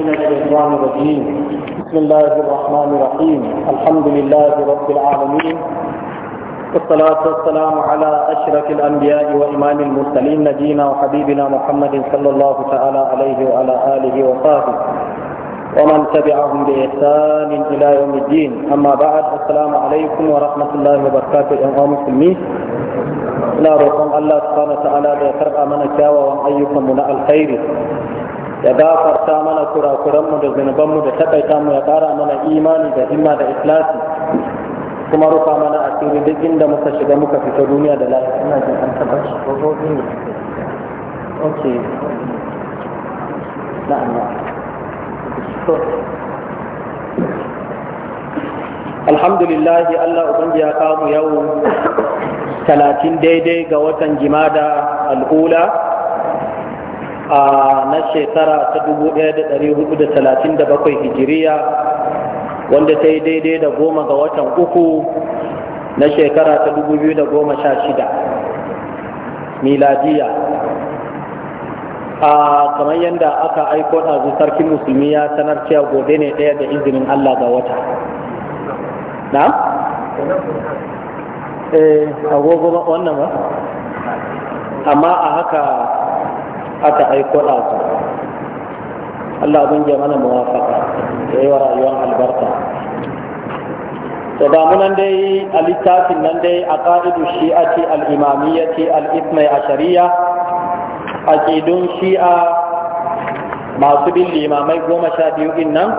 من الشيطان الرجيم بسم الله الرحمن الرحيم الحمد لله رب العالمين والصلاة والسلام على أشرف الأنبياء وإمام المرسلين نبينا وحبيبنا محمد صلى الله تعالى عليه وعلى آله وصحبه ومن تبعهم بإحسان إلى يوم الدين أما بعد السلام عليكم ورحمة الله وبركاته أيها المسلمين لا roƙon الله سبحانه وتعالى da ya karɓa mana kyawawan ayyukanmu na ya gafarta mana kurakuranmu da zunubanmu da takaita mu ya kara mana imani da himma da ikhlasi kuma rufa mana asiri duk inda muka shiga muka fita duniya da lafiya ina jin an taba shi okay na'am alhamdulillah Allah ubangi ya kawo yau talatin daidai ga watan jimada al'ula na shekara ta 1437 hijiriya wanda ta yi daidai da goma ga watan uku na shekara ta 2016 miladiya a kamar yadda aka aiko ɗazu sarkin musulmi ya sanar cewa gobe ne ɗaya da izinin Allah ga wata na? eh agogo wannan ba amma a haka aka aiko ɗazu Allah abin ya mana muwafaka da yawa rayuwar albarka to da dai a littafin nan dai a ƙa'idu shi'a ce al'imamiyya ce al'ismai a shari'a a ƙidun shi'a masu bin limamai goma sha biyu in nan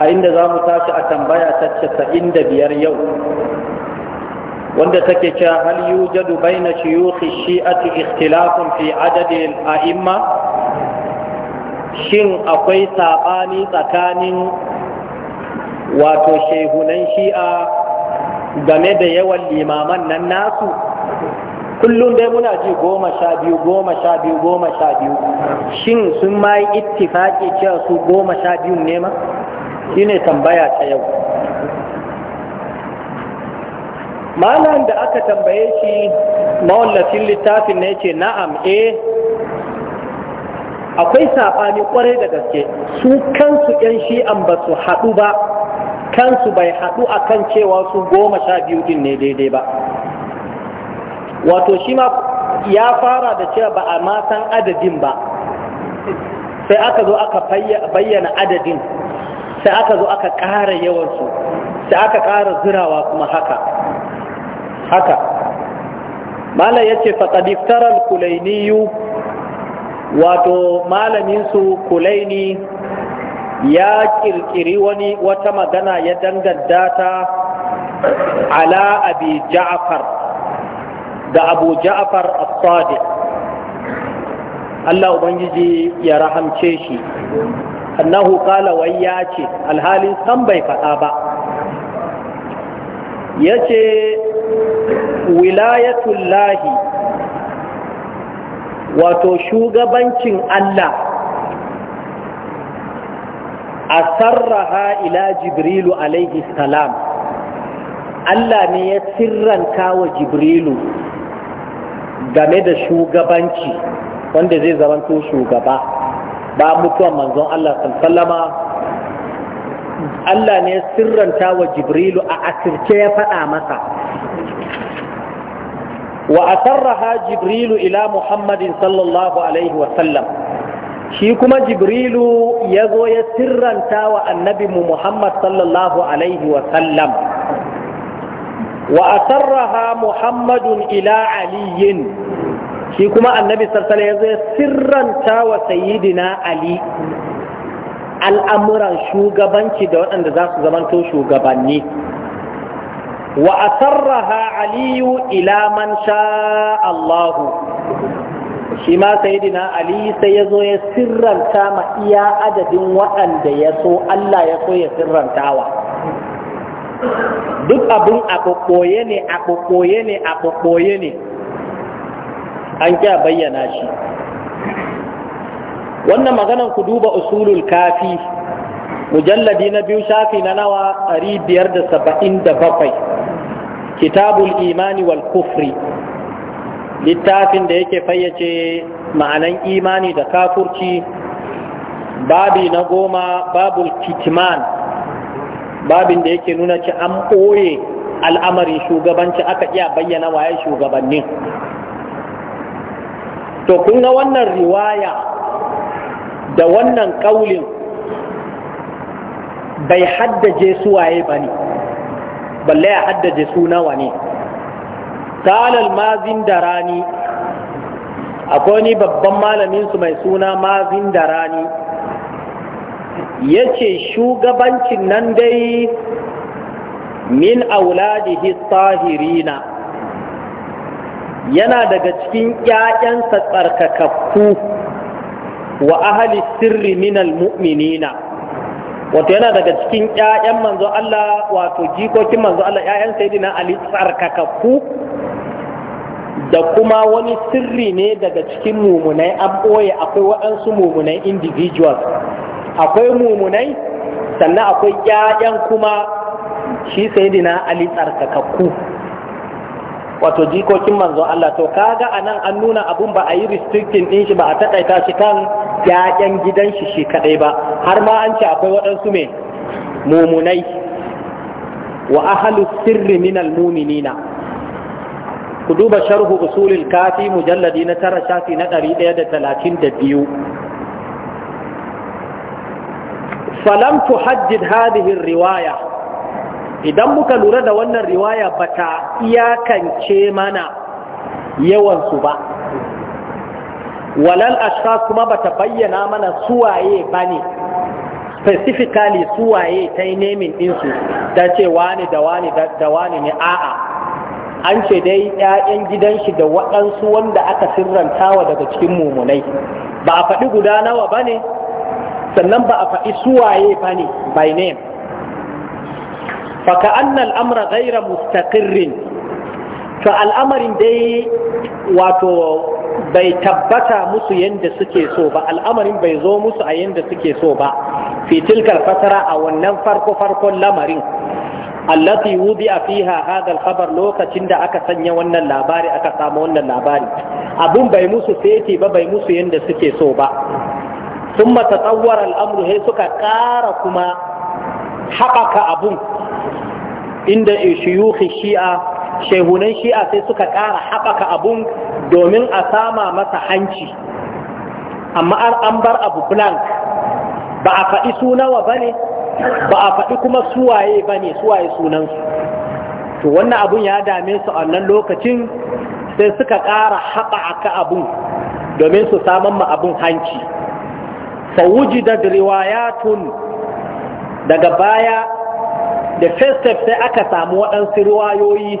a inda za mu tashi a tambaya ta casa'in da biyar yau wanda take cewa hal yujadu baina shuyukh shi'ati ikhtilafun fi adadin a'imma shin akwai sabani tsakanin wato shehunan shi'a game da yawan limaman nan nasu kullum dai muna ji goma sha biyu goma sha biyu goma sha biyu shin sun ma yi ittifaƙi cewa su goma sha biyun ne ma shine tambaya ta yau malam da aka tambaye shi mawallafin littafin ne ce na'am eh akwai saɓani kwarai da gaske su kansu 'yan shi'an ba su haɗu ba kansu bai haɗu a kan cewa su goma sha biyu ɗin ne daidai ba wato shi ma ya fara da cewa ba a matan adadin ba sai aka zo aka bayyana adadin sai aka zo aka ƙara yawansu sai aka ƙara zirawa kuma haka haka mala ya ce faƙadiftarar kulainiyu wato malaminsu kulaini ya ƙirƙiri wani wata magana ya danganta ta ala abi ja'far da abu ja'far as-sadiq Allah ubangiji ya rahamce shi annahu qala wai ya ce alhalin san bai faɗa ba yace wilayatullahi wato shugabancin Allah a sarraha ila jibrilu alaihi salam Allah ne ya sirranta wa jibrilu game da shugabanci wanda zai zamanto shugaba ba mutuwan manzon Allah sallama Allah ne ya sirranta wa Jibrilu a asirce ya faɗa masa وأسرها جبريل إلى محمد صلى الله عليه وسلم شيكما جبريل يزو يسرا تاوى النبي محمد صلى الله عليه وسلم وأسرها محمد إلى علي شيكما النبي صلى الله عليه وسلم سرا تاوى سيدنا علي al'amuran shugabanci da waɗanda za su zamanto shugabanni wa asarraha aliyu ila man sha Allahu shi ma sayidina ali sai ya zo ya sirranta ma iya adadin waɗanda ya so Allah ya so ya sirrantawa duk abin a ne a ne a ne an kya bayyana shi wannan maganan ku duba usulul kafi mujalladi na biyu shafi na nawa 577 kitabul imani wal kufri littafin da yake fayyace ma'anan imani da kafurci babi na goma babul kitman babin da yake nuna ci an ɓoye al'amarin shugabanci aka iya bayyana waye shugabannin to kun ga wannan riwaya da wannan ƙaulin bai haddace su waye ba ne balle ya haddace suna wane kalal mazin da rani, akwai ni babban malamin su mai suna mazin rani. ya ce shugabancin nan dai min auladihi tsahirina yana daga cikin ‘ya'yansa tsarkakakku wa ahali sirri minal mu'minina wato yana daga cikin ƴaƴan manzo Allah wato jikokin manzo Allah ƴaƴan sayyidina Ali tsarkakakku da kuma wani sirri ne daga cikin mumunai an ɓoye akwai waɗansu mumunai individuals akwai mumunai sannan akwai ƴaƴan kuma shi sayyidina Ali tsarkakakku wato jikokin manzon Allah to kaga anan an nuna abun ba a yi restricting din shi ba a takaita shi kan yayan gidan shi shi kadai ba har ma an ce akwai waɗansu me mumunai wa ahlu sirri minal muminina ku duba sharhu usulil kafi mujalladi na tara shafi na ɗari ɗaya da talatin da biyu falam tuhajjid hadhihi riwaya idan muka lura da wannan riwaya bata iyakance mana yawansu ba walal ashkhas kuma ba ta bayyana mana suwaye ba ne, specifically suwaye ta yi nemin ɗinsu ta ce wani da wani da wani ne a'a an ce dai 'ya'yan gidan shi da waɗansu wanda aka sirrantawa daga cikin mumunai ba a faɗi guda nawa ba ne sannan ba a faɗi suwaye ba ne by name fa ka annal amra ghaira mustaqirrin to al'amarin dai wato bai tabbata musu yadda suke so ba al'amarin bai zo musu a yadda suke so ba fitilkar fasara a wannan farko farkon lamarin allati a fiha hadha khabar lokacin da aka sanya wannan labari aka samu wannan labari abun bai musu feti ba bai musu yanda suke so ba Sun mata al al'amuru, sai suka ƙara kuma haɓaka abun inda shiyuhi shi'a shehunan shi'a sai suka ƙara haɓaka abun domin a sama masa hanci amma an bar abu blank ba a faɗi sunawa ba ne ba a faɗi kuma suwaye ba ne suwaye sunansu to wannan abun ya dame su a nan lokacin sai suka ƙara haɓaka abun domin su saman ma abun hanci ya riwayatun daga baya da first step sai aka samu waɗansu ruwayoyi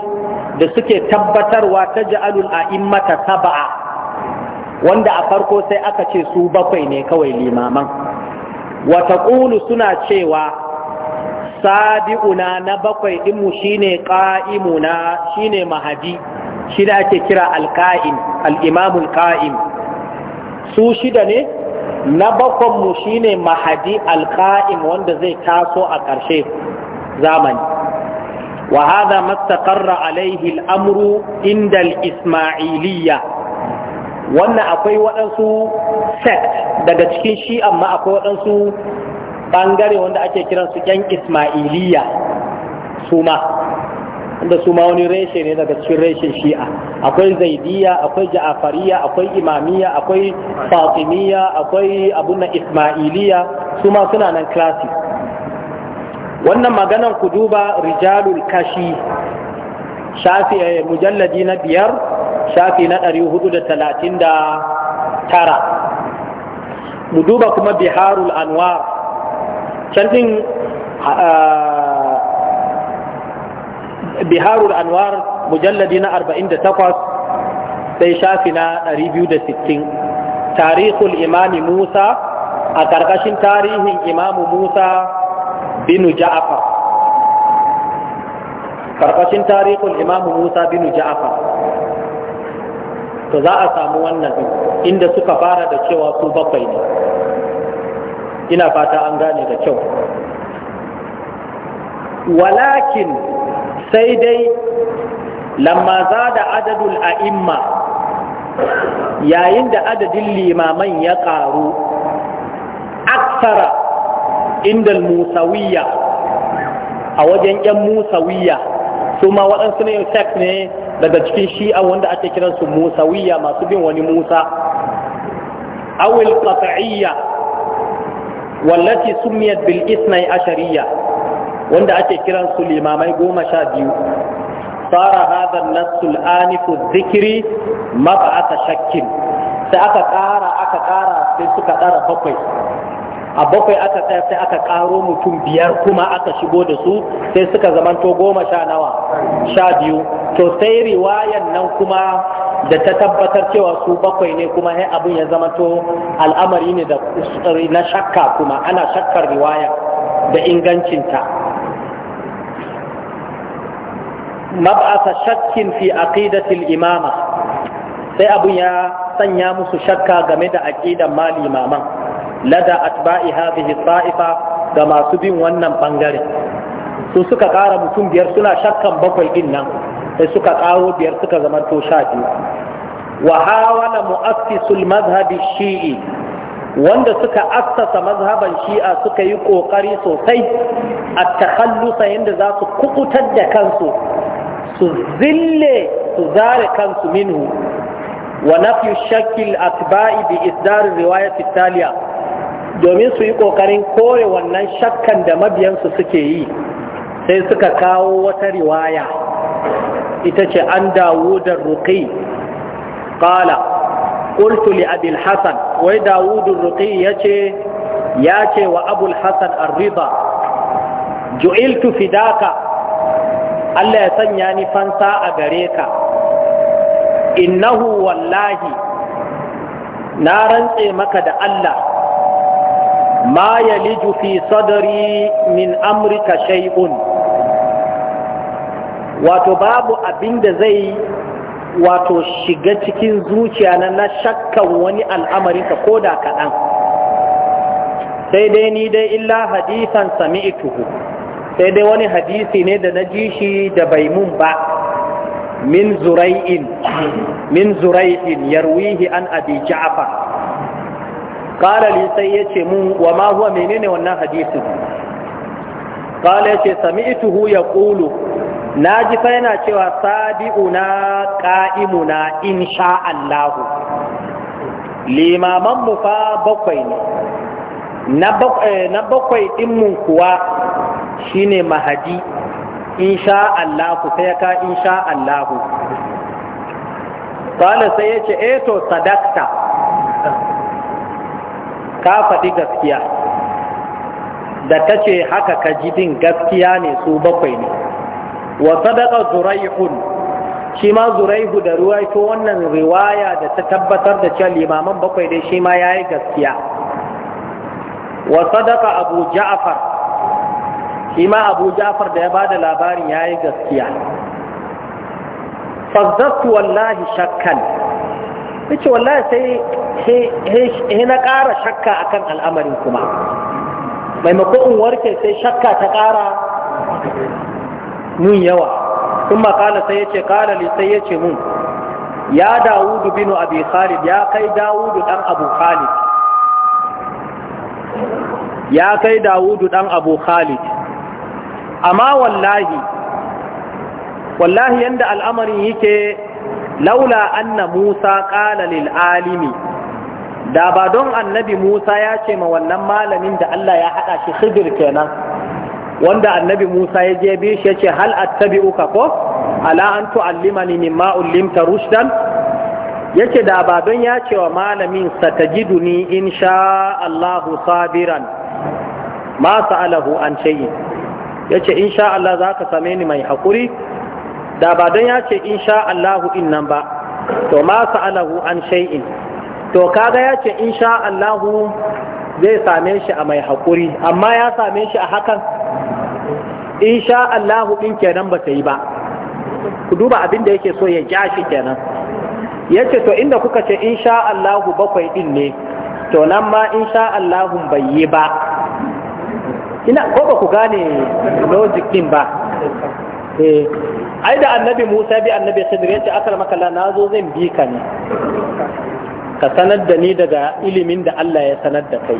da suke tabbatarwa ta ja'alul immata saba'a wanda a farko sai aka ce su bakwai ne kawai limaman wata ƙulu suna cewa sadi'una na bakwai ɗinmu shine ƙa'imuna shine mahadi shi da ake kira alƙa'im al'imamul ƙa'im su shida ne na bakwanmu shine mahadi alƙa'im wanda zai taso a ƙarshe zamani wa hadha mastaqarra alaihi al'amru inda al-ismailiyya wannan akwai waɗansu sect daga cikin shi amma akwai waɗansu ɓangare wanda ake kiransu ƴan ismailiyya su wanda suma wani reshe ne daga cikin reshen shi'a akwai zaidiya akwai ja'afariya akwai imamiya akwai fatimiya akwai abunan na ismailiya suma suna nan klasi wannan maganan ku duba rijalul kashi shafi a eh, mujalladi na biyar shafi na ɗari hudu da talatin da tara mu duba kuma biharul anwar canjin ah, biharul anwar mujalladi na arba'in da takwas sai shafi na ɗari biyu da sittin tarihul imami musa a ƙarƙashin tarihin imamu musa binu ja'afar karkashin tarihin imamu musa binu ja'afar to za a samu wannan inda suka fara da cewa su bakwai ne ina fata an gane da kyau walakin sai dai lamma za da adadul a'imma yayin da adadin limaman ya ƙaru aksara indal musawiyya a wajen yan Musa su ma waɗansu ne sect ne daga cikin shi'a wanda ake kiransu musawiyya masu bin wani musa awil qat'iyya wallati sumiyat bil isnai ashariyya wanda ake kiransu limamai goma sha biyu fara هذا النص الآنف zikiri, مبعث shakkin. sai aka ƙara aka ƙara sai suka ƙara bakwai a bakwai aka tsaya sai aka karo mutum biyar kuma aka shigo da su sai suka zamanto goma sha nawa sha biyu to sai riwayan nan kuma da ta tabbatar cewa su bakwai ne kuma sai abin ya zamanto al'amari ne da na shakka kuma ana shakkar riwaya da ingancinta mab'asa shakkin fi aqidatil imama sai abin ya sanya musu shakka game da aqidan mali imaman lada atba'i hadhihi ta'ifa ga masu bin wannan bangare su suka ƙara mutum biyar suna shakkan bakwai din nan sai suka ƙaro biyar suka zama to sha biyu wa hawala mu'assisul mazhabi shi'i wanda suka assasa mazhaban shi'a suka yi kokari sosai a takhallusa yadda za su kukutar da kansu su zille su zare kansu minhu wa nafi shakil atba'i bi isdar riwayat italiya domin su yi ƙoƙarin kore wannan shakkan da mabiyansu suke yi sai suka kawo wata riwaya ita ce an dawo da ruƙi ƙala ƙultu li abil hassan wai Dawudu ruƙi ya ce ya ce wa abul hassan arriba ju'iltu fidaka Allah ya sanya ni fansa a gare ka innahu wallahi na rantse maka da Allah ma yaliju fi sadari min amrika shay'un wato babu abin da zai wato shiga cikin zuciya na na shakkan wani al'amarinka ko da kaɗan sai dai ni dai illa hadisan ituhu sai dai wani hadisi ne da na ji shi da bai mun ba min zura'in min zura'in yarwihi an abi ja'far kala li sai ce mun wa ma huwa menene wannan hadisin qala yace sami'tuhu Na naji fa yana cewa Sabiu na na insha Allah limaman mu fa bakwai ne na eh, bakwai ɗinmu kuwa shine mahadi insha Allahu sai ka insha Allahu kala sai yace ce eh to sadakta. ka faɗi gaskiya da ta ce haka ka ji din gaskiya ne su bakwai ne wa sadaka zuraihun shi ma zuraihu da ko wannan riwaya da ta tabbatar da cewa limaman bakwai dai shi ma ya yi gaskiya wa sadaka abu ja'far shi ma abu ja'far da ya ba da labarin ya yi gaskiya fazzattu wallahi shakkan ya wallahi sai na ƙara shakka akan al'amarin kuma maimakon in warke sai shakka ta ƙara mun yawa sun makala sai ya ce kala sai ya ce mun ya dawudu binu abi khalid ya kai dawudu dan abu khalid ya kai dawudu dan abu khalid amma wallahi wallahi yadda al'amarin yake laula anna Musa qala lil alimi da ba don annabi Musa ya ce ma wannan malamin da Allah ya haɗa shi Khidir kenan wanda annabi Musa ya je bi shi yace hal attabi'uka ko ala an tu'allimani mimma ullimta rushdan yace da ba don ya ce wa malamin satajiduni insha Allahu sabiran ma sa'alahu an shay'in yace insha Allah zaka same ni mai hakuri da ba don ya ce in insha Allahu nan ba to ma sa'alahu an shay'in to kaga ya ce in sha Allahu zai same shi a mai haƙuri amma ya same shi a hakan In sha Allahu in kenan ba ta yi ba ku duba abin da yake so ya ja shi kenan ya ce to inda kuka ce in sha Allahu bakwai din ne to nan ma sha Allahu bai yi ba ina ko ba ku gane logic din ba eh ai da annabi Musa bi annabi Khidir yace akal makalla na zo zan bi ka ne ka sanar da ni daga ilimin da Allah ya sanar da kai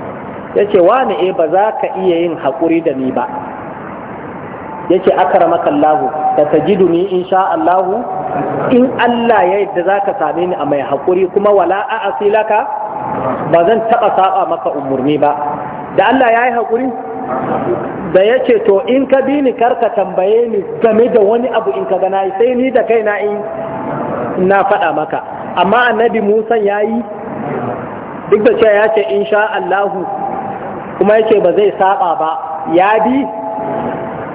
yace wani eh ba za ka iya yin hakuri da ni ba yace akramaka Allah da ni insha Allah in Allah ya yadda ka same ni a mai hakuri kuma wala a asilaka ba zan taba saba maka umurni ba da Allah ya yi hakuri da ya ce to in ka bi ni karka tambaye ni game da wani abu in ka gana sai ni da na in na faɗa maka amma annabi musa ya yi duk da cewa ya ce in sha Allahu kuma ya ce ba zai saba ba ya bi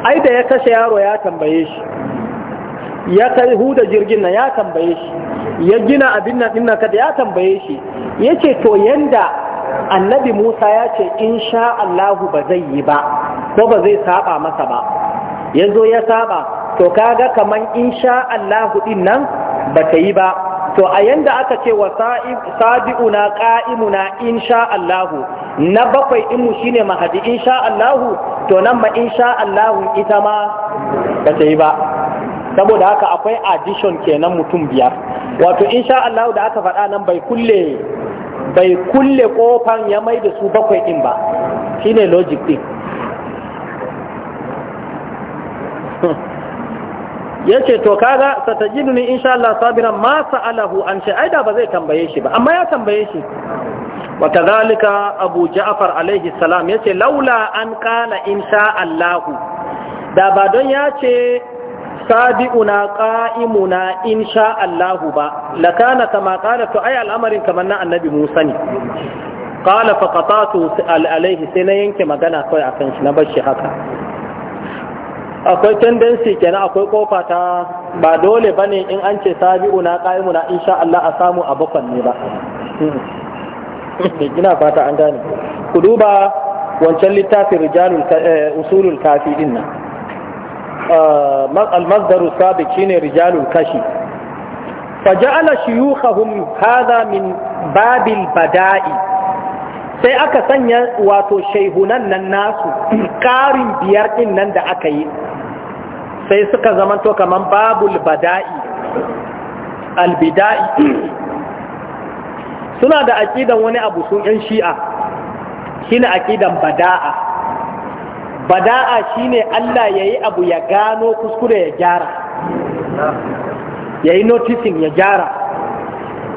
ai da ya kashe yaro ya tambaye shi ya kai huda jirgin nan ya tambaye shi ya gina abin nan ɗin kada ya tambaye shi ya ce to yanda annabi musa ya ce in sha Allahu ba zai yi ba ko ba zai saba masa ba ya zo ya saba to kaga kaman insha Allahu din nan ba ta yi ba to a yanda aka ce wa sabi'una qa'imuna insha Allah na bakwai in mu shine mahadi insha Allah to nan ma insha Allah ita ma ba ta yi ba saboda haka akwai addition kenan mutum biyar wato insha Allahu da aka faɗa nan bai kulle bai kulle kofan ya mai da su bakwai din ba shine logic din ya ce to kaga satajidu ni insha Allah sabiran ma sa'alahu an ce aida ba zai tambaye shi ba amma ya tambaye shi wa kadhalika abu ja'far alaihi salam yace laula an qala insha Allah da ba don ya ce sabi'una qa'imuna insha Allah ba lakana kama qala to ai al'amarin kamar na annabi Musa ne qala faqatatu alaihi sai na yanke magana kai akan shi na bar shi haka akwai tendensi kenan akwai kofa ta ba dole bane in an ce sabi'u na qa'imu na insha Allah a samu a bakon ne ba hmm. ina fata an gane ku duba wancan littafin rijalul eh, usulul kafi din nan uh, al-masdaru sabiq shine rijalul kashi faja'ala shuyukhahum hadha min babil bada'i sai aka sanya wato shaihunan nan nasu karin biyar din nan da aka yi sai suka zamanto kaman babul bada'i albida'i suna da aƙidan wani abu sun ‘yan shi'a shine aƙidan bada'a bada'a shine Allah ya yi abu ya gano kuskure ya gyara ya noticing ya gyara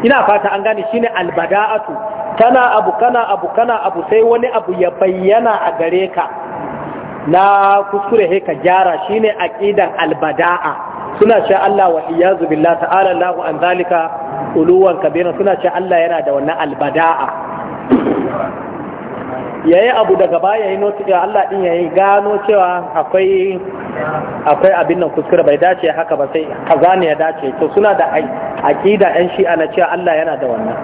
ina fata an gane shine albada'atu kana abu kana abu kana abu sai wani abu ya bayyana a gare ka na kuskure heka ka gyara shine aqidan albada'a suna ce Allah wa iyazu billahi ta'ala Allahu an zalika uluwan kabira suna ce Allah yana da wannan albada'a yayi abu daga baya yayi noti da Allah din yayi gano cewa akwai akwai abin nan kuskure bai dace haka ba sai kaza ne ya dace to suna da aqida an shi'a na cewa Allah yana da wannan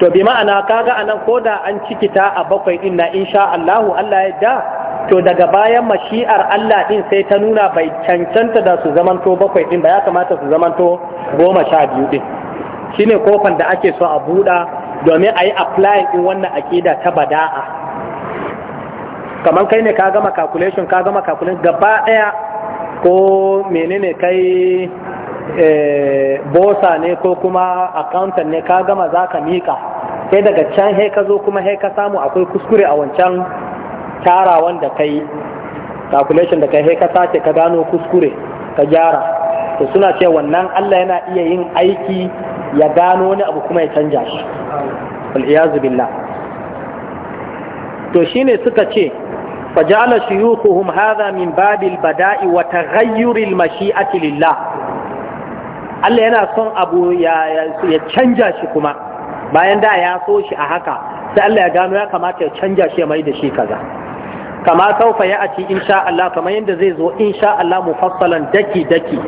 to bi ma'ana kaga anan koda da an cikita a bakwai din na insha Allah Allah ya da to daga bayan mashi'ar Allah din sai ta nuna bai cancanta da su to bakwai din ba ya kamata su zamanto goma sha biyu din shine kofan da ake so a buɗa domin ayi yi din wannan akida ta bada'a kamar kai ne ka gama calculation ka gama calculation gaba ɗaya ko menene kai Eh, bosa ne ko kuma accountant ne ka gama za ka miƙa sai daga can he ka zo kuma he ka samu akwai kuskure a wancan tarawan da ka yi calculation da kai he ka sace ka gano kuskure ka gyara to suna ce wannan Allah yana iya yin aiki ya gano wani abu kuma ya canja shi al'iyazu billah to shine suka ce faja'ala shuyukuhum hadha min babil bada'i wa taghayyuril mashi'ati lillah Allah yana son abu ya canja shi kuma bayan da ya so shi a haka sai Allah ya gano ya kamata ya canja shi ya mai da shi kaza kama saufa ya aci insha Allah kamar yadda zai zo insha Allah mufassalan daki daki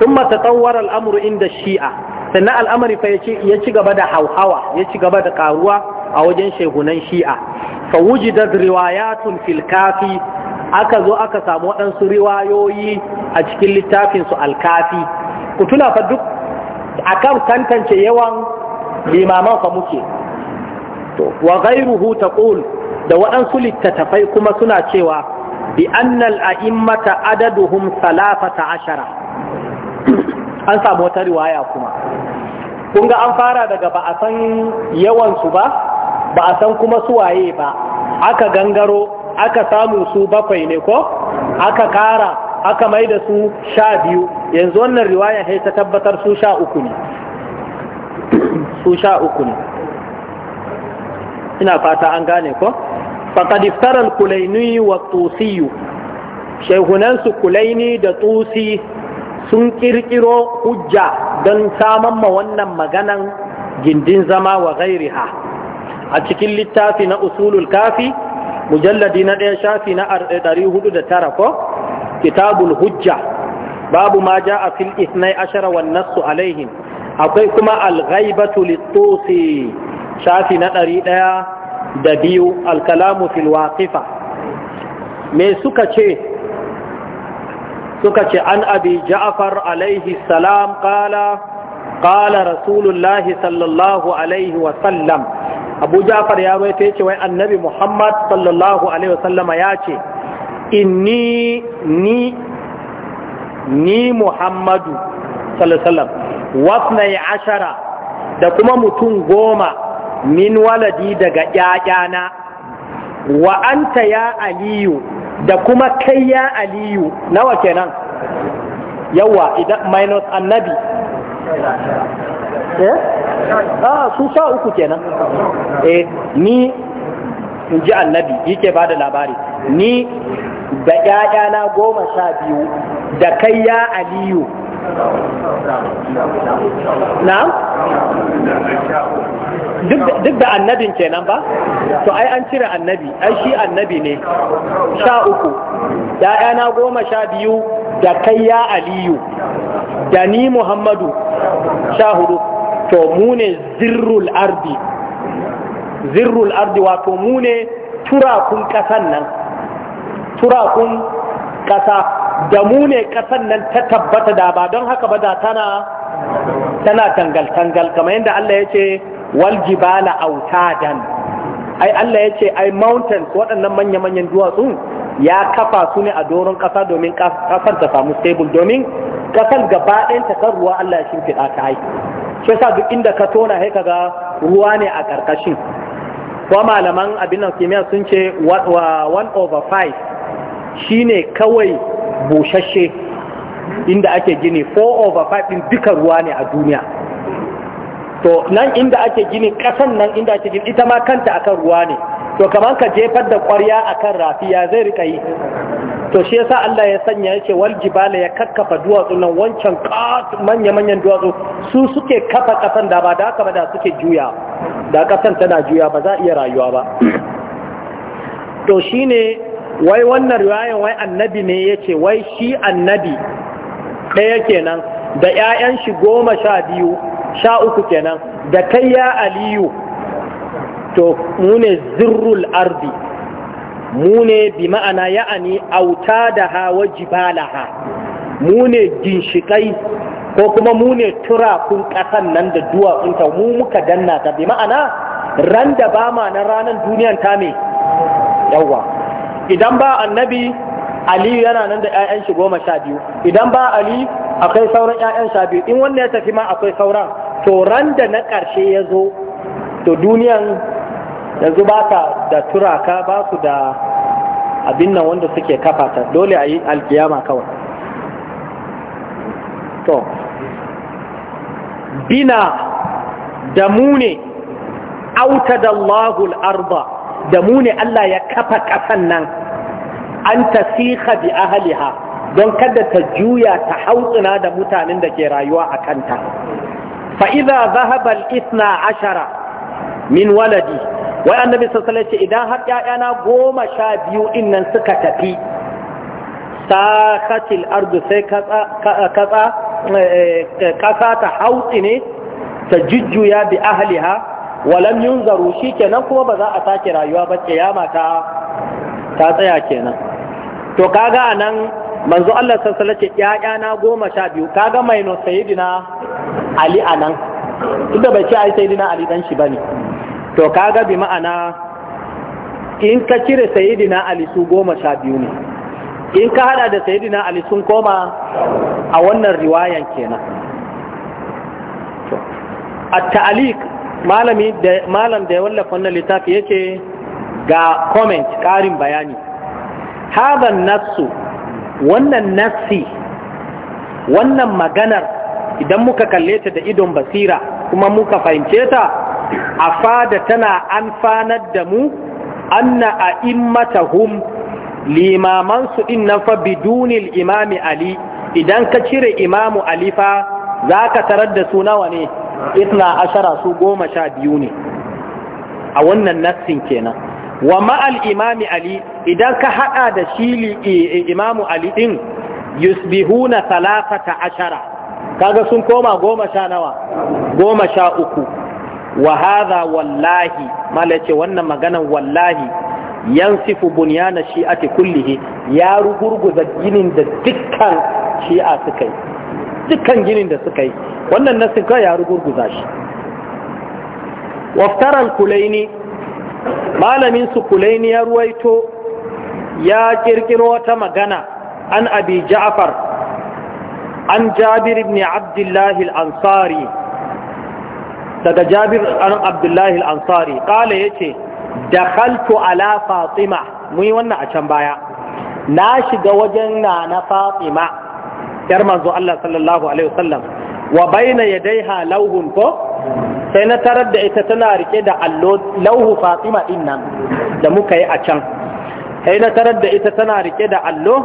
tun tatawwara al-amru inda shi'a sannan al'amari fa ya ci gaba da hauhawa ya ci gaba da karuwa a wajen shehunan shi'a fa wujidat riwayatun filkafi aka zo aka samu waɗansu riwayoyi a cikin littafinsu alkafi ku tuna fa duk akan tantance yawan limaman fa muke to wa ghayruhu taqul da waɗansu littattafai kuma suna cewa bi annal a'immata adaduhum 13 an samu wata riwaya kuma kun ga an fara daga ba a san su ba ba a san kuma su waye ba aka gangaro aka samu su bakwai ne ko aka kara aka mai da su sha biyu yanzu wannan riwaya sai ta tabbatar su sha uku ne su sha uku ne ina fata an gane ko faqad iftara al-kulaini wa tusi shehunan su kulaini da tusi sun kirkiro hujja don saman ma wannan maganan gindin zama wa ghairiha a cikin littafi na usulul kafi mujalladi na ɗaya shafi na ɗari da tara ko kitabul hujja babu ma ja'a fil ithnai ashara wan nassu alaihim akwai kuma al-ghaibatu lit shafi na ɗari ɗaya da biyu al-kalamu fil me suka ce an abi ja'far alaihi salam qala qala rasulullahi sallallahu alaihi wa sallam abu ja'far ya bai ce wai annabi muhammad sallallahu wa ya ce inni ni ni muhammadu sallallahu wasnai ashara da kuma mutum goma min waladi daga ƴaƴana wa anta ya aliyu da kuma kai ya aliyu nawa kenan yawa idan minus annabi eh ah su sa uku kenan eh ni in ji annabi yake ba da labari ni da ƴaƴana goma sha biyu da kai ya aliyu na'am duk da annabin kenan ba to ai an cire annabi ai shi annabi ne sha uku ƴaƴana goma sha biyu da kai ya aliyu da ni muhammadu sha hudu to mu ne zirrul ardi zirrul ardi wato mu ne turakun ƙasan nan turakun kasa da mu ne kasan nan ta tabbata da ba don haka ba za tana tana tangal-tangal kamar yadda Allah ya ce waljibala autadan ai Allah ya ce ai mountains waɗannan manya-manyan duwatsu ya kafa su ne a doron ƙasa domin ƙasar ta samu stable domin ƙasar gaba ɗayan ta kan ruwa Allah ya shimfiɗa ta ai shi yasa duk inda ka tona sai ga ruwa ne a ƙarƙashin kuma malaman abin nan kimiyya sun ce 1 over 5 shine kawai bushashe inda ake gini 4 over 5 din duka ruwa ne a duniya to nan inda ake gini kasan nan inda ake gini ita ma kanta akan ruwa ne to kamar ka jefar da kwarya akan rafiya zai rika yi to shi yasa Allah ya sanya yake wal jibala ya kakkafa duwatsu nan wancan manya manyan duwatsu su suke kafa kasan da ba da haka ba da suke juya da kasan tana juya ba za iya rayuwa ba to shine wai wannan riwayan wai annabi ne yace wai shi annabi ɗaya kenan da ƴaƴan shi goma sha sha uku kenan da kai ya aliyu to mu ne zirrul ardi mu ne bi ma'ana ya'ani auta da hawa jibalaha mu ne ginshikai ko kuma mu ne turakun kasan nan da ta, mu muka danna ta bi ma'ana ran da ba ma na ranan duniyan ta me yawa. idan ba annabi ali yana nan da 'ya'yan shi goma sha biyu idan ba ali akwai sauran 'ya'yan sha biyu in wannan ya tafi ma akwai sauran to ran da na ƙarshe ya zo to duniyan yanzu ba ta da turaka ba su da abin nan wanda suke kafa ta dole a yi alkiyama kawai to bina da mu ne autadallahu al'arba da mu ne Allah ya kafa ƙasan nan an tasiha bi ahliha don kada ta juya ta hautsina da mutanen da ke rayuwa a kanta fa idza zahaba al ithna ashara min waladi wai annabi sallallahu alaihi idan har 'ya'yana goma sha biyu din nan suka tafi sakatil ardu sai eh, eh, kasa ta hautsi ne ta jujjuya bi ahliha walam yunzaru kenan kuma ba za a sake rayuwa ba ya mata ta tsaya kenan to kaga anan manzo Allah sallallahu alaihi wasallam na goma sha biyu kaga mai no sayyidina Ali anan inda bai ce ai sayyidina Ali dan shi bane to kaga bi ma'ana in ka cire sayyidina Ali su goma sha biyu ne in ka hada da sayyidina Ali sun koma a wannan riwayan kenan at-ta'liq malam da ya wallafa wannan littafi yake ga comment karin bayani hadha nassu wannan nassi wannan maganar idan muka kalle ta da idon basira kuma muka fahimce ta a fada tana an fanar da mu a anna hum limaman su na fa bidunil imami ali idan ka cire imamu alifa fa ka tarar da suna nawa ne itna ashara su goma sha biyu ne a wannan nassin kenan wa ma'al imami ali idan ka haɗa da shi imamu ali din yusbihuna ta ashara kaga sun koma goma sha nawa goma sha uku wa haza wallahi malace wannan maganan wallahi sifu bunyana shi'ati kullihi ya rugurguza ginin da dukkan shi'a suka yi dukkan ginin da suka yi wannan nassin kawai ya rugurguza shi waftaral kulaini malamin su kulaini ya ruwaito ya kirkiro wata magana an abi ja'far an jabir ibn abdullahi al-ansari daga jabir an abdullahi al-ansari kala yace dakhaltu ala fatima muyi wannan a can baya na shiga wajen na na fatima yar manzo Allah sallallahu alaihi wasallam wa baina yadaiha lauhun ko sai na tarar da ita tana rike da allo lawhu fatima dinnan da muka yi a can sai na tarar da ita tana rike da allo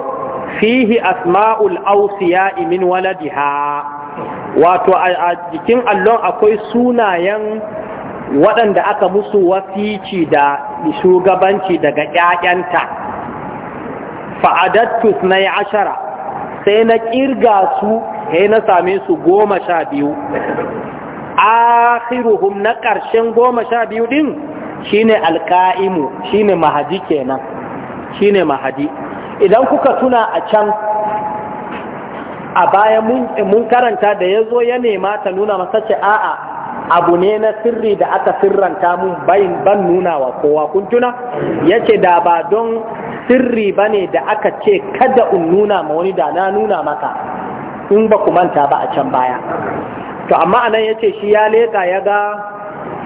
fihi asma'ul awsiya'i min waladiha wato a jikin allon akwai sunayen waɗanda aka musu wasici da shugabanci daga ƴaƴanta fa'adattu na ashara sai na ƙirga su sai na same su goma sha biyu akhiruhum na ƙarshen goma sha biyu ɗin shine alƙa'imu shine mahadi kenan shine mahadi idan kuka tuna a can a baya mun karanta da ya zo ya nema ta nuna masa ce a'a abu ne na sirri da aka sirranta mun bayin ban nuna wa kowa kun tuna ya ce da ba don sirri ba ne da aka ce kada in nuna ma wani da na nuna maka in ba ku manta ba a can baya to amma anan yace shi ya leka ya ga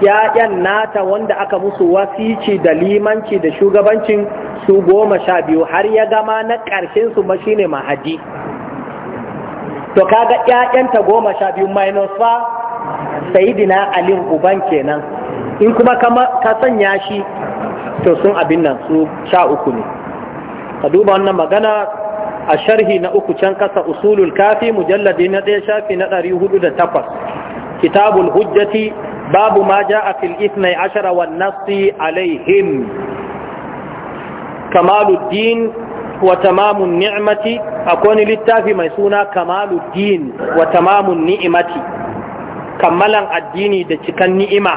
‘ya'yan nata wanda aka musu wasici da limanci da shugabancin su goma sha biyu har ya gama na ƙarshen su mashi ne mahadi. To kaga ‘ya'yanta goma sha biyu minus fa sayidina alin uban kenan in kuma ka sanya shi to sun abin nan su sha uku ne. Ka duba wannan magana a sharhi na uku can kasa usulul kafi mujalladi na ɗaya shafi na ɗari hudu da takwas kitabul hujjati babu ma ja a fil ithnai ashara wan nasi alaihim kamaluddin wa tamamun ni'mati akwai littafi mai suna kamaluddin wa tamamun ni'mati kammalan addini da cikan ni'ima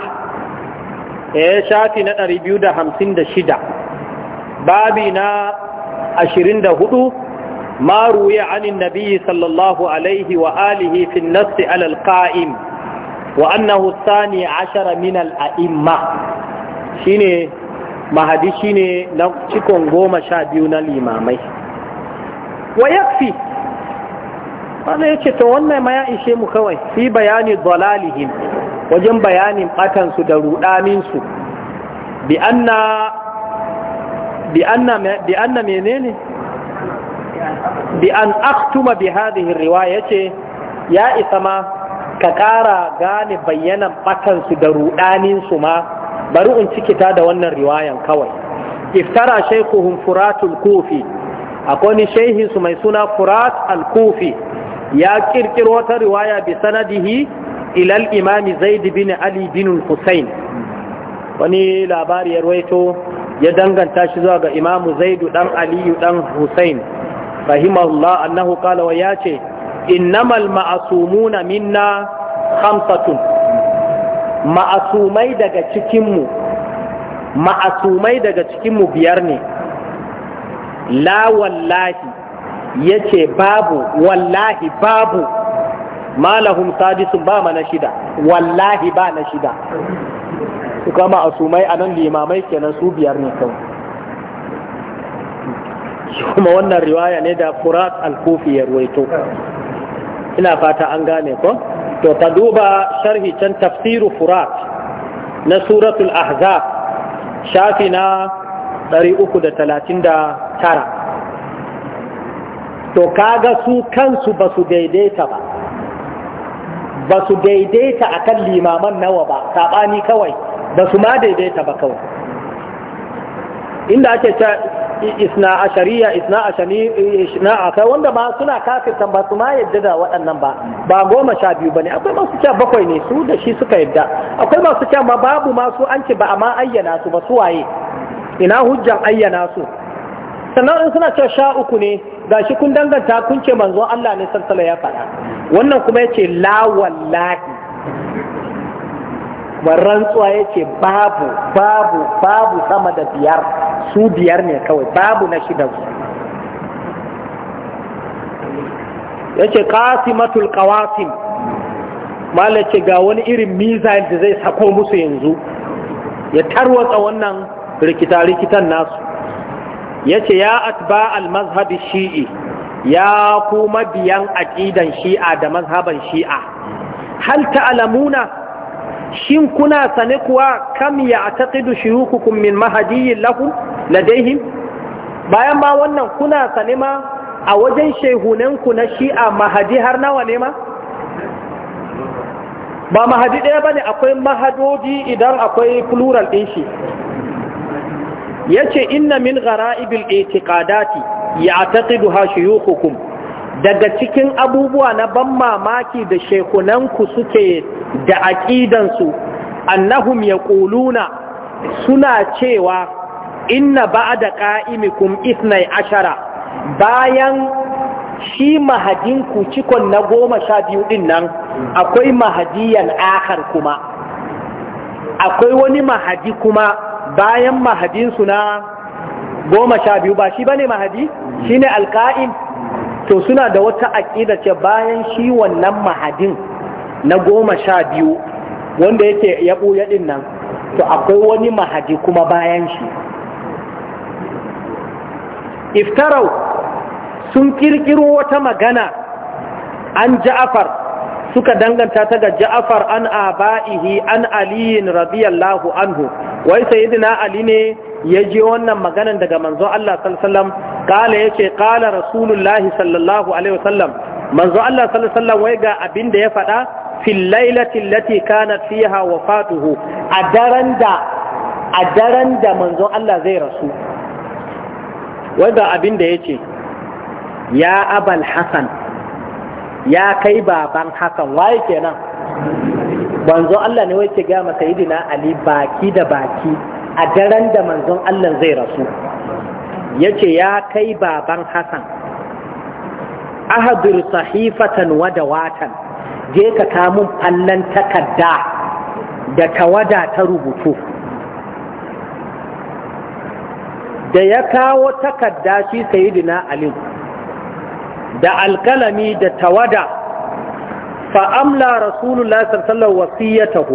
eh shafi na ɗari biyu da da shida babi na ashirin da hudu ما روي عن النبي صلى الله عليه وآله في النص على القائم وأنه الثاني عشر من الأئمة شيني shi ne na cikon goma sha biyu na limamai wanda ya ce to wannan ma ya ishe mu kawai fi bayani dalalihim wajen bayanin batansu da rudaninsu bi anna bi anna menene bi an aktuma bi hadhihi riwaya ce ya isa ma ka ƙara gane bayyanan ɓatansu da ruɗaninsu ma bari in cikita da wannan riwayan kawai iftara shaikuhun furatul kufi akwai ni shaihinsu mai suna furat al-kufi ya kirkiro wata riwaya bi sanadihi ilal imami zaid bin ali bin Husayn. wani labari ya ruwaito ya danganta shi zuwa ga imamu zaidu dan aliyu dan Husayn. rahimahullah annahu qala wa yace innamal ma'asumuna minna khamsatun ma'asumai daga cikinmu ma'asumai daga cikinmu biyar ne la wallahi yace babu wallahi babu malahum sadisun ba mana shida wallahi ba na shida kuma ma'asumai anan limamai kenan su biyar ne kawai kuma wannan riwaya ne da furat al-kufi ya ruwaito ina fata an gane ko to ta duba sharhi can tafsiru furat na suratul ahzab shafi na 339 to kaga su kansu ba su daidaita ba ba daidaita akan limaman nawa ba saɓani kawai ba su ma daidaita ba kawai inda ake isna shari'a isna ashani isna aka wanda ba suna kafirtan ba su ma yadda da waɗannan ba ba goma sha biyu bane akwai masu cewa bakwai ne su da shi suka yadda akwai masu cewa ma babu masu an ce ba amma ayyana su ba su waye ina hujjan ayyana su sannan in suna cewa sha uku ne Ga shi kun danganta kun ce manzon Allah ne sallallahu ya faɗa wannan kuma yace la wallahi rantsuwa yace babu babu babu sama da biyar su biyar ne kawai babu na shidan su yace qasimatul qawasim ce ga wani irin mizan da zai sako musu yanzu ya tarwatsa wannan rikita-rikitan nasu yace ya atba al-mazhabi shi'i ya kuma biyan aƙidan shi'a da mazhaban shi'a hal alamuna. shin kuna sane kuwa kam ya ataqidu shuyukukum min mahadiyin lahu ladaihim bayan ba wannan kuna sane ma a wajen shehunanku na shi'a mahadi har nawa ne ma ba mahadi ɗaya ba ne akwai mahadoji idan akwai plural ɗin shi ya ce inna min gara'ibil itiqadati ya ataqidu ha shuyukukum daga cikin abubuwa na ban mamaki da shekunanku suke da aƙidansu annahum ya ƙuluna suna cewa inna ba da ƙa'imikun isnai ashara bayan shi mahadinku cikon na goma sha biyu ɗin nan akwai mahadiyan akar kuma akwai wani mahadi kuma bayan mahadinsu na goma sha biyu ba shi ba ne mahadi shi ne alka'im to suna da wata aƙida ce bayan shi wannan mahadin na goma sha biyu wanda yake ya ɓuya ɗin nan to akwai wani mahadi kuma bayan shi iftarau sun ƙirƙiro wata magana an ja'afar suka danganta ta ga ja'afar an aba'ihi an aliyin radiyallahu anhu wai sayidina ali ne ya je wannan maganan daga manzo Allah sallallahu kala yace kala rasulullahi sallallahu alaihi wasallam manzo Allah sallallahu wai ga abin ya faɗa fil lailati allati kanat fiha wafatuhu a daren da a daren da manzo Allah zai rasu wai ga abin da yace ya abal hasan ya kai baban hasan waye kenan manzo Allah ne wai gama saidina ali baki da baki a daren da manzon Allah zai rasu yace ya kai baban Hassan, ahadul sahifatan wada je ka kamun fallan takarda da tawada ta rubutu. Da ya kawo takarda shi sayidina Ali, da alkalami da tawada, fa'amla rasulullahi sallallahu wasiyatahu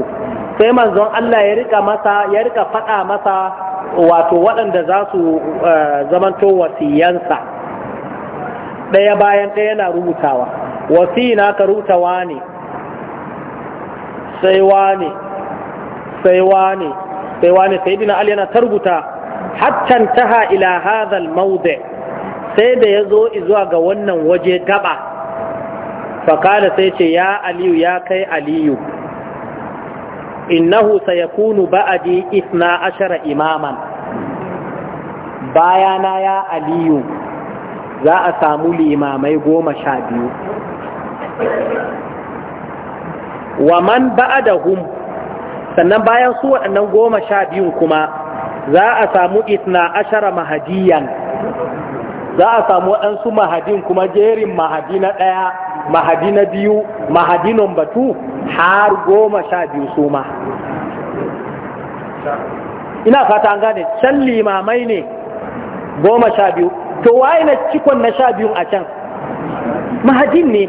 sai manzon Allah ya rika masa, ya rika faɗa masa wato waɗanda za su eh, zamanto wasiyansa ɗaya bayan ɗaya na rubutawa wasina ka rubuta wane sai wane sai wane sai wane sai dina aliyana ta rubuta hatta taha ila hadal maude sai da ya zo zuwa ga wannan waje gaba fakala sai ce ya aliyu ya kai aliyu innahu sayakunu ba'adi isna ashara imaman bayana ya aliyu za a samu limamai goma sha biyu wa man ba'adahum sannan bayan su waɗannan goma sha biyun kuma za a samu isna ashara mahadiyan za a samu waɗansu mahadin kuma jerin mahadi na ɗaya mahadi na biyu mahadi number two har goma sha biyu su ma ina fata an gane can limamai ne goma sha biyu to waye na cikon na sha biyun a can mahadin ne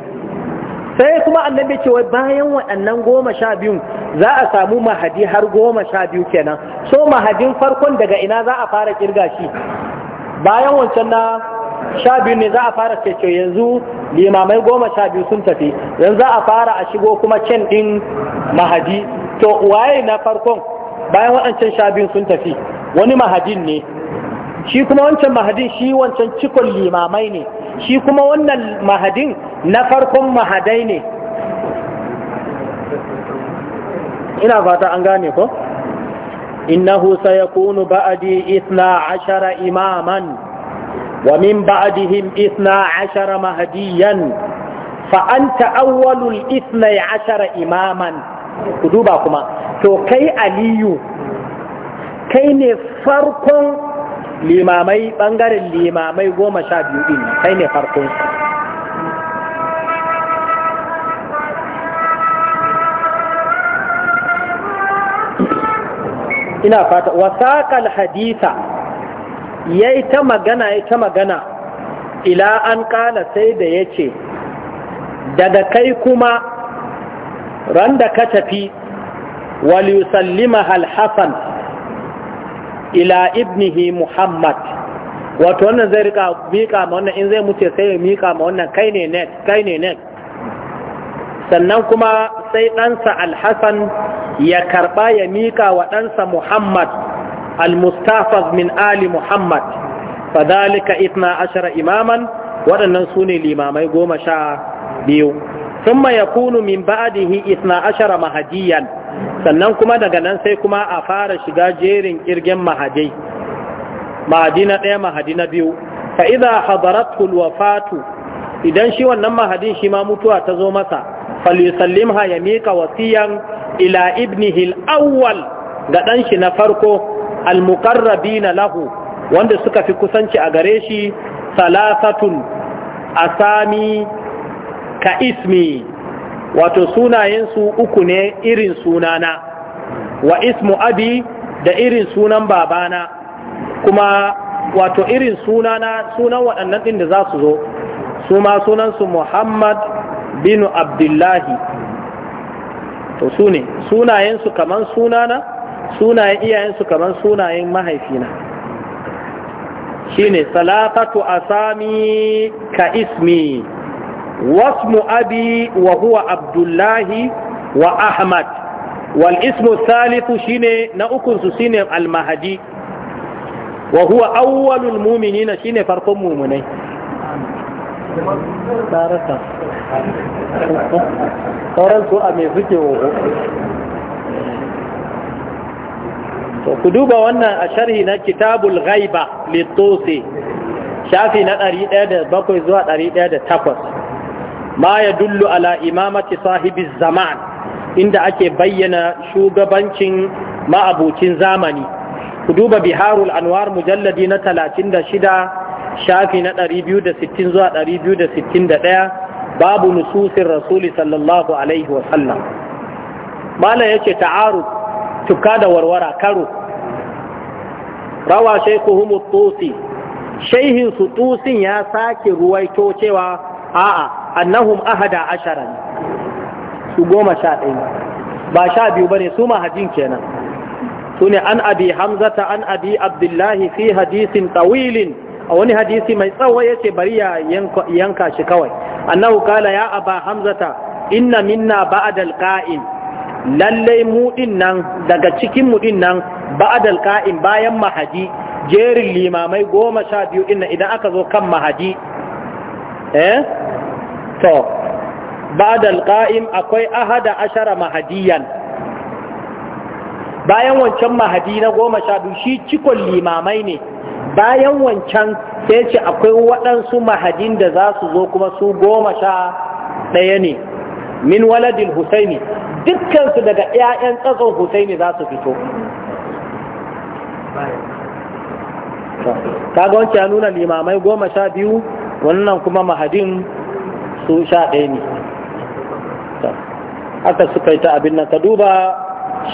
sai kuma annabi cewa bayan waɗannan goma sha biyun za a samu mahadi har goma sha biyu kenan so mahadin farkon daga ina za a fara kirga shi bayan wancan na sha biyu ne za a fara cece yanzu limamai goma sha biyu sun tafi yanzu za a fara a shigo kuma can din mahadi to waye na farkon bayan waɗancan sha sun tafi wani mahadin ne shi kuma wancan mahadin shi wancan cikon limamai ne shi kuma wannan mahadin na farkon mahadai ne ina fata an gane ko innahu sayakunu ba'di 12 imaman ومن بعدهم اثنا عشر مهديا فأنت أول الاثني عشر إماما كدوباكما تو كي علي كي نفرق لإمامي بانغار الإمامي وما شابيو إنا كي نفرق ina fata wasaƙal haditha ya yi ta magana ya ta magana ila an kala sai da ya ce daga kai kuma ran da ka tafi waliyusallima halhassan ila ibnihi muhammad wato wannan zai rika mika ma wannan in zai mutu sai ya mika ma wannan kai ne net kai ne net sannan kuma sai ɗansa alhassan ya karɓa ya mika wa ɗansa muhammad al-mustafaz min ali muhammad fadhalika itna ashara imaman waɗannan su ne limamai goma sha biyu thumma yakunu min ba'adihi itna ashara mahadiyan sannan kuma daga nan sai kuma a fara shiga jerin kirgen mahadai mahadi na ɗaya mahadi na biyu fa idza hadaratul wafatu idan shi wannan mahadin shi ma mutuwa ta zo masa falyusallimha ya mika wasiyan ila ibnihi al-awwal ga ɗan shi na farko almuqarrabina lahu wanda suka fi kusanci a gare shi salasatun asami ka ismi wato sunayensu uku ne irin sunana wa ismu abi da irin sunan babana kuma wato irin sunana sunan waɗannan ɗin da za su zo su ma sunansu muhammad bin abdullahi to su ne sunayensu kaman sunana sunayen iyayensu kamar sunayen mahaifina shine salatatu asami ka ismi wasmu abi wa huwa abdullahi wa ahmad wal ismu thalithu shine na ukunsu shine almahadi wa huwa awwalul mu'minina shine farkon mu'minai sauran su a mai suke woho ku duba wannan a sharhi na kitabul ghaiba litosi shafi na 107 zuwa 108 ma ya dullu ala imamati sahibi zaman inda ake bayyana shugabancin ma'abucin zamani ku duba biharul anwar mujalladi na 36 shafi na 260 zuwa 261 babu nususin rasuli sallallahu alaihi wasallam mala yace ta'aruf Cuka da warwara karo rawa humu tusi shaihin su tusin ya sake ruwaito cewa a'a annahum ahada ashara ne su goma sha ɗaya ba sha biyu bane su mahajin kenan su ne an abi hamzata an abi abdullahi fi hadisin tawilin a wani hadisi mai tsawo ya ce bari ya yanka shi kawai annahu kala ya aba hamzata inna minna ba'dal qa'im lallai mu nan daga cikin mu nan ba'adal ka'in bayan mahadi jerin limamai goma sha biyu dinnan idan aka zo kan mahadi eh to ba'adal ka'im akwai ahada ashara mahadiyan bayan wancan mahadi na goma sha biyu shi cikon limamai ne bayan wancan sai ce akwai waɗansu mahadin da za su zo kuma su goma sha ɗaya ne min waladil husaini dukkansu daga 'ya'yan tsatson husaini za su fito ga wancan ya nuna limamai goma sha biyu wannan kuma mahadin su sha ɗaya ne aka suka yi ta abin nan ka duba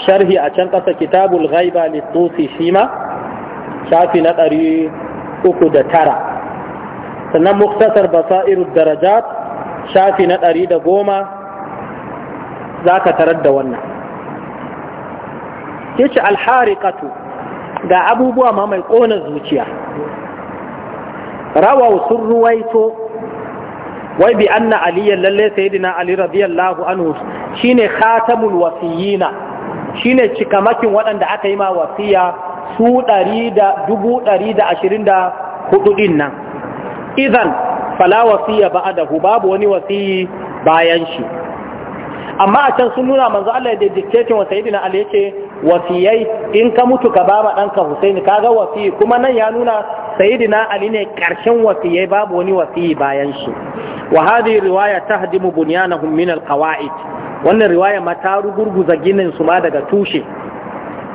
sharhi a can ƙasa kitabul ghaiba littusi shi ma shafi na ɗari uku da tara sannan muktasar basairu darajat shafi na ɗari da goma za ka tarar da wannan ke ce alharikatu ga abubuwa ma mai ƙona zuciya rawa sun ruwaito wai bi anna aliyyar lalle dina ali radiyallahu anhu shine khatamul wasiyina shine cikamakin waɗanda aka yi ma wasiya su da ashirin hudu din nan izan fala wasiya dahu babu wani wasiyi bayan shi amma a can sun nuna manzo Allah da dictating wa sayyidina Ali yace wasiyai in ka mutu ka ba ma danka Husaini kaga wasi kuma nan ya nuna sayyidina Ali ne karshen wasiyai babu wani wasi bayan shi wa hadhihi riwaya tahdimu bunyanahum min alqawaid wannan riwaya ma ta rugurguza ginin su ma daga tushe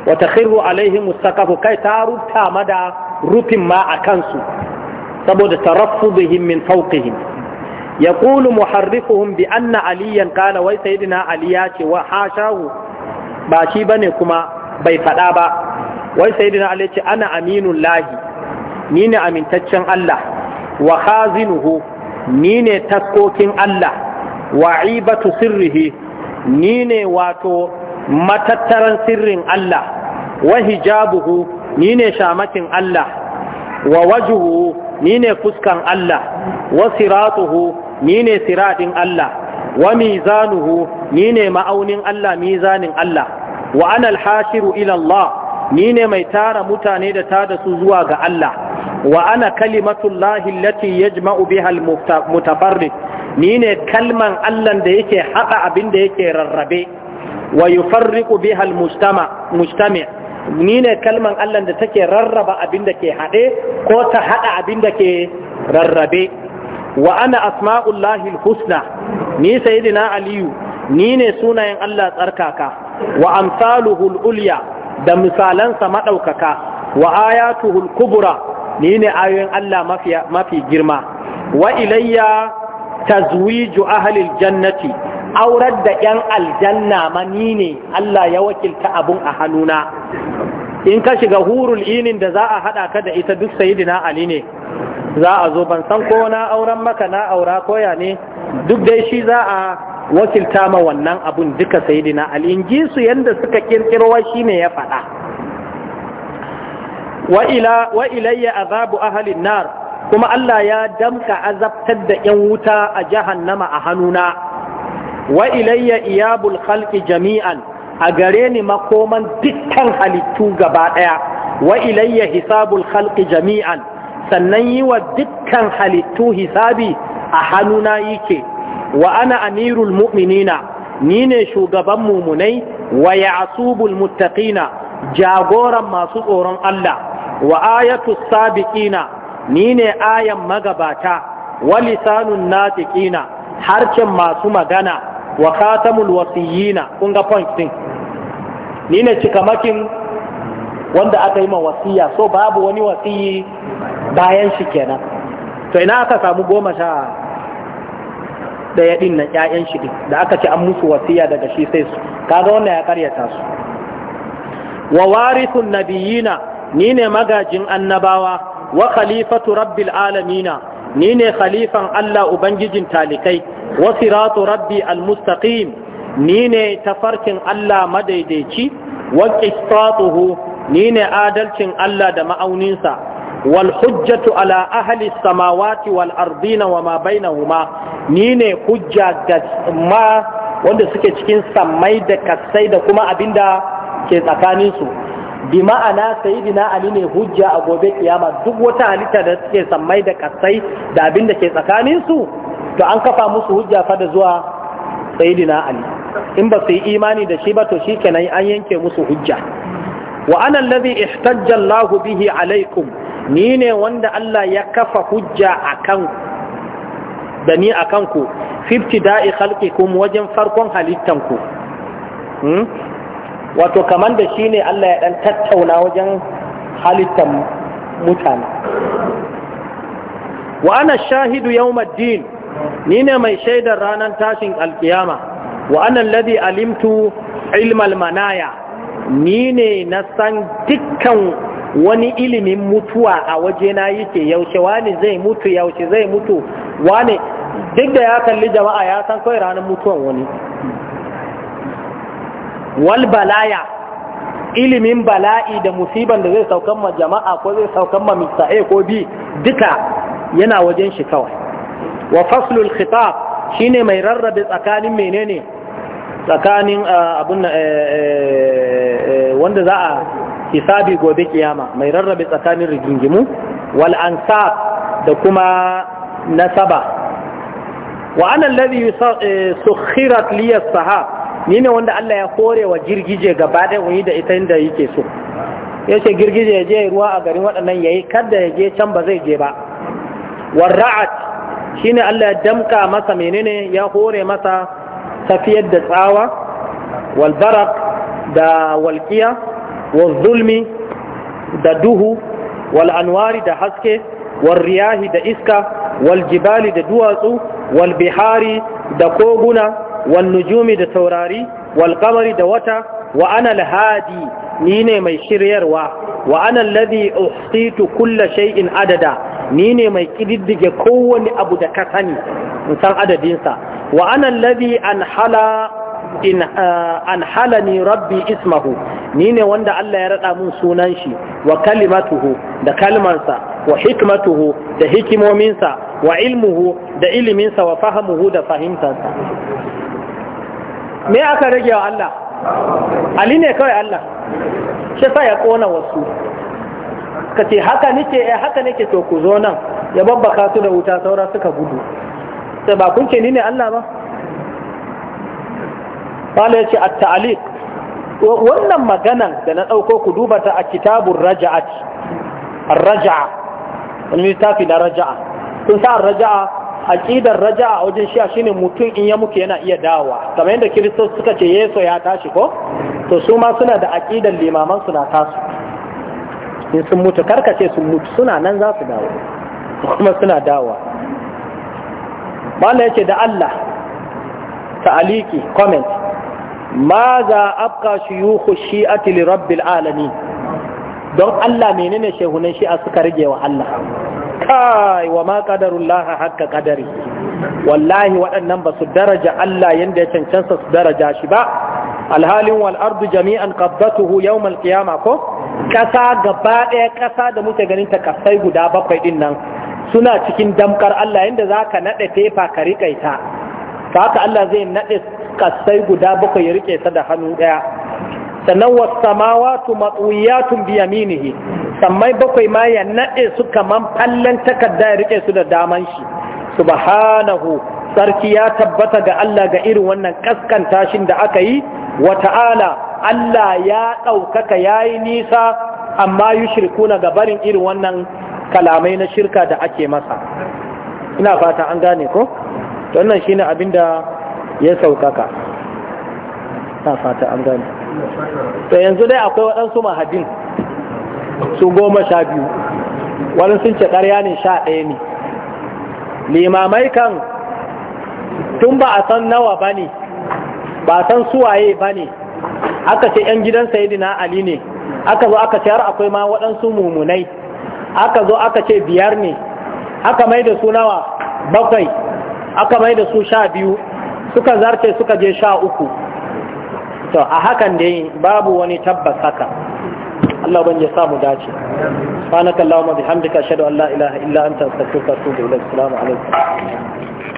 wa takhiru alaihim mustaqafu kai ta rubta mada rufin ma akan su saboda taraffudihim min fawqihim yaqulu muharrifuhum bi anna aliyan qala wai sayyidina ali ya ce wa hashahu ba shi bane kuma bai fada ba wai sayyidina ali ce ana aminul lahi ni ne amintaccen Allah wa khazinuhu ni ne taskokin Allah wa ibatu sirrihi ni ne wato matattaran sirrin Allah wa hijabuhu ni ne shamakin Allah wa wajuhu ni ne fuskan Allah wa siratuhu ni ne siradin Allah wa mizanuhu ni ne ma'aunin Allah mizanin Allah wa ana alhashiru ila Allah ni ne mai tara mutane da tada su zuwa ga Allah wa ana kalimatullahi ya yajma'u bihal almutafarrid ni ne kalman Allah da yake haɗa abin da yake rarrabe wa yufarriqu bihal almustami ni ne kalman Allah da take rarraba abin da ke haɗe ko ta haɗa abin da ke rarrabe wa ana asma'ullahi husna ni sayyidina aliyu ni ne sunayen Allah tsarkaka wa amsaluhul ulya da misalansa madaukaka wa ayatuhul kubra ni ne ayoyin Allah mafi mafi girma wa ilayya tazwiju ahli jannati aurar da yan aljanna ma ni ne Allah ya wakilta abun a hannuna in ka shiga hurul inin da za a haɗa ka da ita duk sayidina ali ne za a zo ban san ko na auren maka na aura koya ne duk dai shi za a wakilta ma wannan abun duka sayidina ali in ji su yanda suka kirkirwa shi ne ya faɗa wa ila ilayya azabu ahalin nar kuma Allah ya damka azabtar da ‘yan wuta a jahannama a hanuna wa ilayya iyabul khalqi jami'an a gare ni makoman dukkan halittu gaba ɗaya wa ilayya hisabul khalqi jami'an sannan yi wa dukkan halittu hisabi a hannuna yake wa ana amirul mu'minina ni ne shugaban mumunai wa ya'subul muttaqina jagoran masu tsoron Allah wa ayatus sabiqina ni ne ayan magabata wa lisanun natiqina harcen masu magana wa khatamul wasiyina kun ga point din ni ne cikamakin wanda aka yi wa wasiya so babu wani wasiyi bayan shi kenan to ina aka samu goma sha daya din na ƴaƴan shi da aka ci an musu wasiya daga shi sai su kaga wannan ya karyata su wa warithun nabiyina ni ne magajin annabawa wa khalifatu rabbil alamina ni ne khalifan Allah ubangijin talikai wa siratu rabbi al almustaqim ni ne tafarkin Allah madaidaici wa qistatuhu ni ne adalcin Allah da ma'auninsa wal hujjatu ala ahli samawati wal ardina wa ma bainahuma ni ne hujja ga ma wanda suke cikin samai da kasai da kuma abinda ke tsakaninsu bi ma'ana sayyidina ali ne hujja a gobe kiyama duk wata halitta da suke samai da kasai da abin ke tsakanin su to an kafa musu hujja fa da zuwa sayyidina ali in ba su yi imani da shi ba to shi kenan an yanke musu hujja wa ana allazi ihtajja Allah bihi alaikum ni ne wanda Allah ya kafa hujja akan da ni akan ku fifti da'i khalqikum wajen farkon halittan ku hmm? wato kaman da shi ne Allah ya dan tattauna wajen halittan mutane wa ana shahidu yawmaddin ni ne mai shaidar ranar tashin alkiyama wa annan ladi alimtu ilmal manaya ni ne na san dukkan wani ilimin mutuwa a waje na yake yaushe wani zai mutu yaushe zai mutu wani duk da ya kalli jama'a ya san kawai ranar mutuwan wani wal balaya ilimin bala'i da musiban da zai saukan ma jama'a ko zai saukan ma mista a ko b duka yana wajen shi kawai wa faslul khitab shine mai rarrabe tsakanin menene tsakanin ah, abun eh, eh, eh, wanda za a hisabi gobe kiyama mai rarrabe tsakanin rigingimu wal ansab da kuma nasaba wa ana alladhi sukhirat li as-sahab ni wanda Allah ya kore wa girgije gaba da wani da ita inda yake so yace girgije ya je ruwa a garin waɗannan yayi kada ya je can ba zai je ba warra'at shine Allah ya damka masa menene ya hore masa tafiyar da tsawa walbarak da walqiya wal zulmi da duhu wal anwari da haske wal riyahi da iska wal jibali da duwatsu wal bihari da koguna wal nujumi da taurari wal da wata wa ana lahadi ni ne mai shiryarwa wa ana alladhi uhsitu kulla shay'in adada ni ne mai kididdige kowane abu da ka sani adadinsa wa anan ladi an hala in uh, halani rabbi ismahu ni ne wanda Allah ya rada mun sunan shi wa kalimatuhu da kalmansa wa hikmatuhu da hikimominsa wa ilmuhu da iliminsa wa fahimuhu, da fahimtansa me aka rage wa Allah Ali ne kawai Allah shi sa ya kona wasu suka ce haka nake eh haka nake to ku zo nan ya babbaka su da wuta saura suka gudu sai ba kun ce ni ne Allah ba ya ce at-ta'liq wannan maganan da na dauko ku duba ta a kitabur ar-raja'a wani littafi na raja'a kun sa raja'a aqidar raja'a wajen shi'a shine mutum in ya muke yana iya dawa, kamar yadda kristo suka ce yeso ya tashi ko to su ma suna da aqidar limaman suna tasu in sun mutu karkace sun mutu suna nan za su dawo kuma suna dawa bala yake da Allah ta'aliki comment ma za abka shuyukhu shi'ati li rabbil alamin don Allah menene shehunan shi'a suka rage wa Allah kai wa ma qadarullahi hakka qadari wallahi waɗannan ba su daraja Allah yanda ya cancanta su daraja shi ba alhalin wal ardu jami'an qabdatuhu yawm al qiyamah ko ƙasa gaba ɗaya ƙasa da muke ganin ta kasai guda bakwai ɗin nan suna cikin damkar Allah yadda za ka naɗe tefa ka riƙe ta ta haka Allah zai naɗe kasai guda bakwai ya riƙe ta da hannu ɗaya sannan wasu tun matsuyatun biyaminihi sammai bakwai ma ya naɗe su kamar fallon takarda ya riƙe su da daman shi subhanahu sarki ya tabbata ga Allah ga irin wannan kaskanta shi da aka yi wa ta'ala Allah ya ɗaukaka ya yi nisa amma yi shirku na gabarin irin wannan kalamai na shirka da ake masa ina fata an gane ko wannan ne abin da ya saukaka ina fata an gane to yanzu dai akwai waɗansu mahadin su goma sha biyu waɗansu sun ce ƙarya ne sha ɗaya ne limamai kan tun ba a san nawa ba ne ba a san suwaye ba ne aka ce yan gidan sayidina ali ne aka zo aka ce har akwai ma waɗansu mumunai aka zo aka ce biyar ne aka mai da su nawa bakwai aka mai da su sha biyu suka zarce suka je sha uku to a hakan dai babu wani tabbas haka Allah ban ya samu dace subhanakallahumma bihamdika wa an la ilaha illa anta astaghfiruka wa atubu ilaik assalamu alaikum